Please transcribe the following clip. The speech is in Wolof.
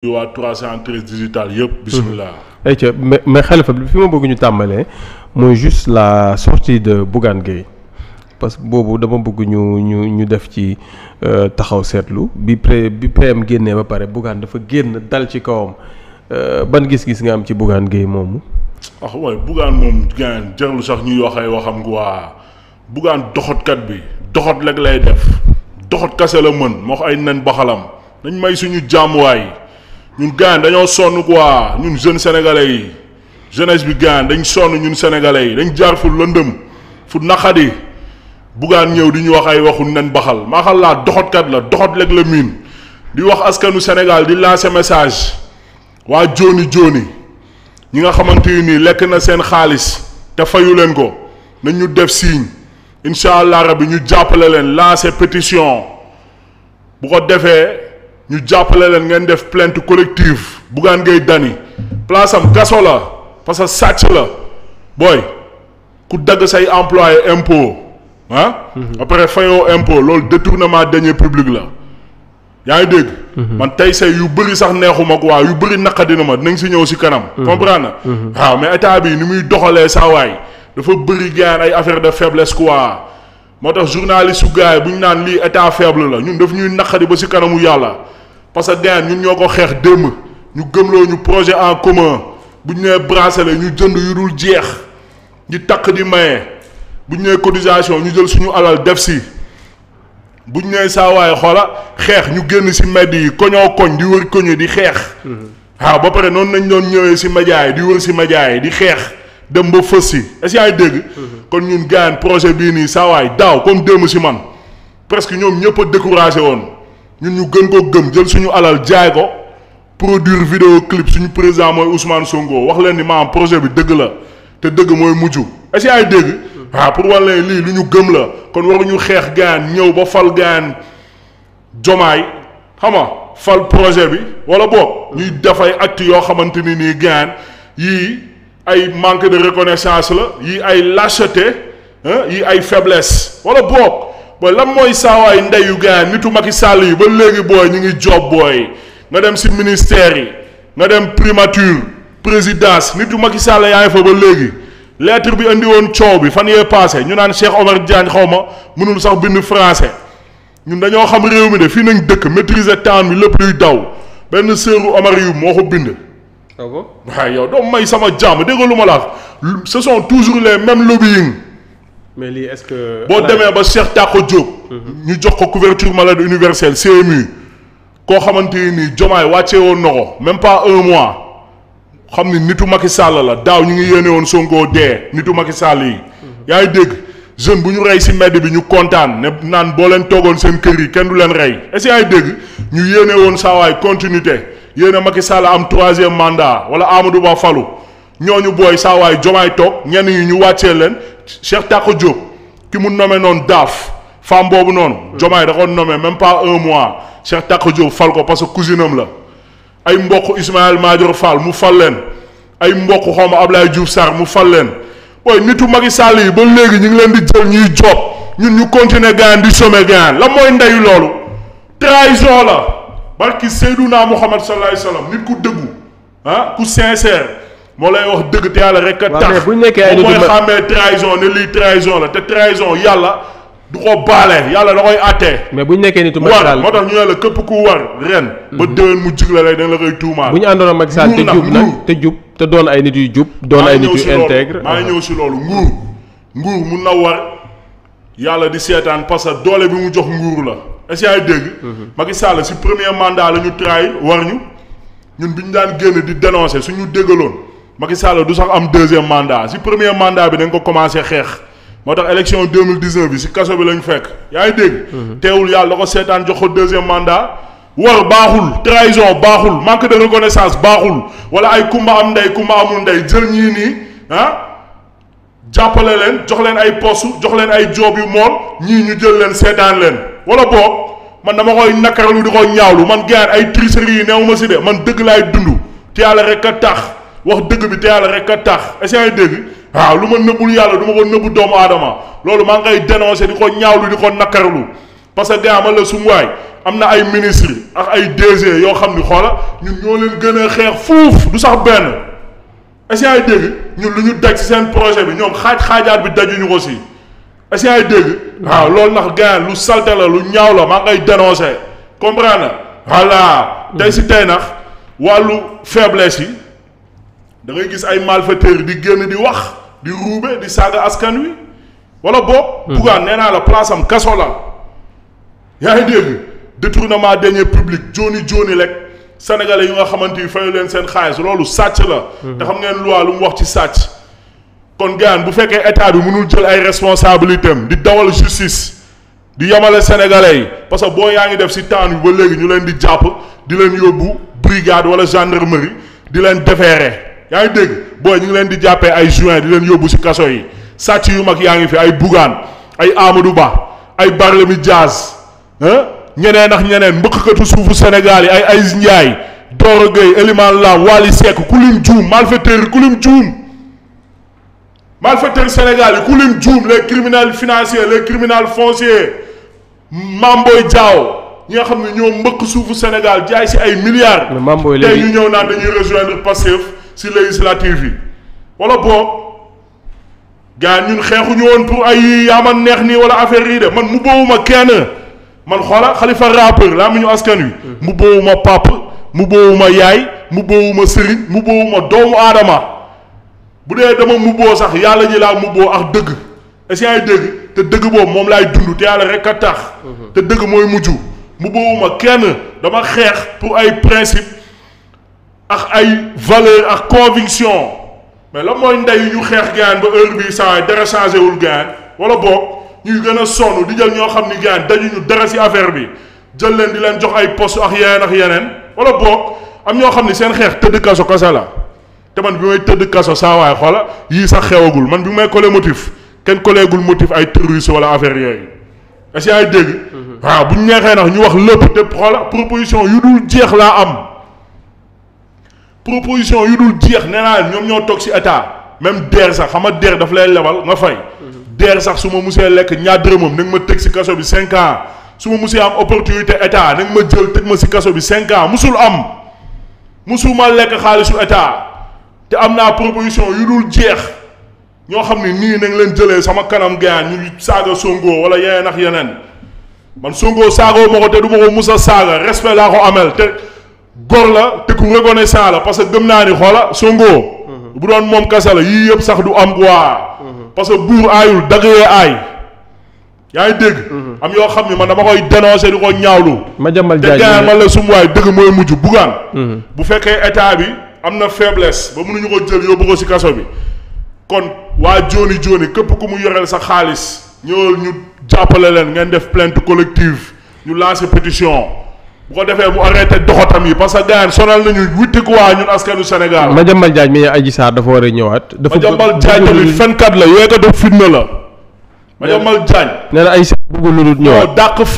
yu waa 313 digital yëpp. bisimilah. ayca eh, mais mais Khalifa bi fi ma bëgg ñu tàmbalee mooy juste la sortie de Bougane Gueye parce que boobu dama bëgg ñu ñu ñu def ci euh, taxaw seetlu bi pré bi PM génnee ba pare Bougane dafa génn dal ci kawam euh, ban gis-gis nga am ci Bougane Gueye moomu. ah waaye Bougane moom gaan jarul sax ñuy wax ay waxam waa Bougane doxatkat bi doxat lag lay def doxat kase la mën moo wax ay nen baxalam nañ may suñu jaamuwaay. ñun gaan dañoo sonn waa ñun jeune sénégalais yi jeunesse bi gaan dañ sonn ñun sénégalais yi dañ jaar fu lëndëm fu naqadi buggaan ñëw di ñu wax ay waxu nen baxal maaxal laa doxatkat la doxat lekk la miin di wax askanu Sénégal di se message waa jooni jooni ñi nga xamante nii lekk na seen xaalis te fayu leen ko nañ def signe incha allah rabi ñu jàppale leen lancer pétition bu ko defee. ñu jàppale leen ngeen def plainte collective Bougane Gueye Dany place am kaso la parce que sàcc la booy ku dagg say employé impôt ah. Mhm. après fayoo impôt loolu détournement deniers publics la yaa ngi dégg. Mhm. man tey say yu bëri sax neexuma ko waa yu bëri naqadi na ma dinañ si ñëw si kanam. Mhm. comprendre waaw mais état bii ni muy doxalee saa waay dafa bëri gaan ay affaire de faiblesse quoi. moo tax journaliste su gars yi bu ñu naan lii état faible la ñun daf ñuy naqadi ba si kanamu yàlla. parce que gars ñun ñoo ko xeex démb ñu gëmloo ñu projet en commun bu ñu nee bracelet ñu jënd yu dul jeex ñu takk di maye bu ñu nee cotisation ñu jël suñu alal def si bu ñu nee saawaay xoola xeex ñu génn si mbedd yi koñoo koñ di wër koñu di xeex. Mm-hmm. waaw ba pare noonu nañ doon ñëwee si média yi di wër si média yi di xeex dem ba fës si est-ce dégg. Mm-hmm. kon ñun gars projet bii nii saawaay daaw kon démb si man presque ñoom ñëpp a woon. ñun ñu gën koo gëm jël suñu alal jaay ko produire vidéo clip suñu président mooy Ousmane Sonko wax leen ni maam projet bi dëgg la te dëgg mooy mujj est-ce que ay dégg. waaw ah, pour wàllu lii lu ñu gëm la kon waruñu xeex gaan ñëw ba fal gaan jomaay xam nga fal projet bi wala boog ñuy dafay acte yoo xamante ni nii gaan yii ay manque de reconnaissance la yii ay lâcheté yii ay faiblesse wala boog. booy lan mooy saawaay ndeyu gaa nitu Macky Sall yi ba léegi booy ñu ngi job booy nga dem si ministère yi nga dem primature présidence nitu Macky Sall yaa ngi fa ba léegi lettre bi andi woon coow bi fan yee passé ñu naan Cheikh Omar Diagne xaw ma mënul sax bind français ñun dañoo xam réew mi de fii nañ dëkk maîtriser temps bi lépp luy daw benn seeru Omar yu moo ko bind. Ah waaw yow doo may sama jàmm dégg lu ma la ce sont toujours les mêmes yi mais lii est-ce que. boo demee ba Cheikh Tako Diop. Mhm. ñu jox ko couverture maladie universelle CMU. koo xamante ni jomaay wàccee woon na ko même pas un mois. xam ni nitu Macky Sall la daaw ñu ngi yéene woon Sonko dee nitu Macky Sall yi. Mhm. yaa ngi dégg jeune bu ñu rey si mbedd bi ñu kontaan ne naan boo leen seen kër yi kenn du leen rey est-ce dégg ñu yéene woon saawaay continuité yéene Macky Sall am troisième mandat wala Amadou Ba falu ñu booy saawaay jomaay toog ñenn ñi ñu wàccee leen Cheikh Tako Diop ki mu nommé noonu daaf femme boobu noonu. Jomaay da ko nommé même pas un mois Cheikh Tako Diop fal ko parce que cousine la ay mbokk Ismaël Madior Fall mu fal leen ay mbokk xaw ma Ablaye Diouf Sarr mu fal leen booy nitu Macky Sall yi ba léegi ñu ngi leen di jël ñuy job ñun ñu continuer gaan di sommer gaan la mooy ndeyu loolu trahison la barki Seydouna Mouhamed sallallahu alayhi wa sallam nit ku dëggu ah ku sincère. moo lay wax dëgg te yàlla rek a tax bu nekkee mooy xàmmee trahison ne lii trahison la te trahison yàlla du ko baale yàlla da koy àttee. mais bu ñu nekkee nitu Macky Sall war moo tax ñu ku war ren. ba mhm. déwén mu jig la lay da ñu àndoon ak Macky Sall te te jub te doon ay nit yu jub. doon ay nit yu intègre maa ngi ñëw si loolu nguur nguur mun na war yàlla di seetaan parce que doole bi mu jox nguur la est-ce que mhm. Sall si premier mandat la ñu trahi war ñu ñun bi ñu daan génn di dénoncer ñu déggaloon. Macky Sall du sax am deuxième mandat si premier mandat bi dañ ko commencé xeex moo tax élection 2019 bi si kaso bi lañ fekk yaa ngi dégg. Mhm. teewul yàlla ko seetaan jox ko deuxième mandat. war baaxul trahison baaxul manque de reconnaissance baaxul wala ay kumba am ndey kumba amul ndey jël ñii nii ah jàppale leen jox leen ay postu jox leen ay joob yu mool ñii ñu jël leen seetaan leen wala boog man dama koy nakaralu di ko ñaawlu man gaan ay tricherie yi neew ma si de man dëgg laay dund te yàlla rek a wax dëgg bi te yàlla rek a tax est-ce que waaw lu ma nëbbul yàlla du ma ko nëbbu doomu aadama loolu maa ngay dénoncer di ko ñaawlu di ko nakkarlu parce que gars ma la sumu waay am na ay ministre ak ay DG yoo xam ni xoola ñun ñoo leen gën a xeex fuuf du sax benn est-ce que ñun lu ñu daj ci seen projet bi ñoom xaaj-xaajaat bi dajuñu ko si est-ce que waaw loolu nax gars lu salte la lu ñaaw la maa ngay dénoncer comprendre voilà tey si tey nax da ngay gis ay malfaiteurs di génn di wax di ruube di saaga askan wi wala boobu. Hmm. Bougane nee naa la place am kaso la. yaa ngi dégg détournement deniers publics jooni jooni rek sénégalais yi nga xamante ni fayu leen seen xaalis loolu sàcc la. Hmm. te xam ngeen loi lu mu wax ci sàcc. kon gaan bu fekkee état bi mënul jël ay responsabilités am di dawal justice di yamale sénégalais yi parce que boo yaa ngi def si temps bi ba léegi ñu leen di jàpp di leen yóbbu brigade wala gendarmerie di leen déférer. yaa ngi dégg booy ñu ngi leen di jàppee ay juin di leen yóbbu si kaso yi sàcc yu mag yaa ngi fi ay Bougane ay Amadou Ba ay Barthélemy Dias ñeneen ak ñeneen mbëkkatu suufu Sénégal yi ay Aziz Ndiaye Doro Gueye Elimane Lam Waly Seck ku lim juum malfaiteur yi ku lim juum malfaiteur Sénégal yi ku lim juum les criminels financiers les criminels fonciers Mamboy Diaw ñi nga xam ne ñoo mbëkk suufu Sénégal jaay si ay milliards. tey ñu ñëw naan dañuy rejoindre Pastef si législative yi wala boog gars ñun xeexuñu woon pour ay yaaman neex nii wala affaire yi de man mu boowuma kenn man xoola xalifa rappeur laa mu ñu askan wi mu boowuma pàpp mu boowuma yaay mu boowuma sëriñ mu boowuma doomu aadama bu dee dama mu sax yàlla ji laa mu boo ak dëgg est-ce dëgg te dëgg boobu moom laay dund te yàlla rek a tax mhm. te dëgg mooy mujj mu kenn dama xeex pour ay principe ak ay valeur ak conviction mais la mooy ndey ñu xeex gaan ba heure bii saa dara changé wul gaan wala boog ñuy gën sonn di jël ñoo xam ni gaan dajuñu dara ci affaire bi jël leen di leen jox ay poste ak yeneen ak yeneen wala boog am ñoo xam ni seen xeex tëdd kaso kasa la te man bi may tëdd kaso saa waay xoola yii sax xewagul man bi may collé motif kenn colléegul motif ay terroriste wala affaire yooyu est-ce ay dégg. Mhm. waaw bu ñu neexee nag ñu wax lépp te xoola proposition yu jeex laa am. proposition yu dul jeex nee naa ñoom ñoo toog si état même DER sax xam nga DER daf lay lebal nga fay. DER sax su ma musee lekk ñaar dërëmam na nga ma tëj si kaso bi 5 ans su ma musee am opportunité état na ma jël tëj ma si kaso bi 5 ans musul am musuma lekk xaalisu état te am naa proposition yu dul jeex ñoo xam ni nii na leen jëlee sama kanam gaan ñu saaga Sonko wala yeneen ak yeneen man Sonko saagoo ma ko te du ma ko mus a saaga respect laa ko amel te. gor la te ku reconnaissant la parce que gëm naa ni xoola Sonko mhm. bu doon moom kese la yii yëpp sax du am quoi. Mhm. parce que buur aayul daggee aay. yaa ngi dégg. Mhm. am yoo xam ne man dama koy dénoncé di ko ñaawlu. ma jàmbal jaay te man la sum waay dëgg mooy mujj bugaan. bu fekkee état bi am na faiblesse ba mënuñu ko jël yóbbu ko si kaso bi. kon waa jooni jooni képp ku mu yoreel sa xaalis ñëwal ñu jàppale leen ngeen def plainte collective ñu lancer pétition. bu ko defee mu arrêté doxatam yi parce que gars sonal nañu witikuwaa ñun askanu Sénégal. Madiambal Diagne mi Adji Sarr dafa war a ñëwaat. dafa Madiambal Diagne tamit fenkat la yooyu ko def fitna la. Madiambal Diagne. nee na ay sa bëgg lu ñëwaat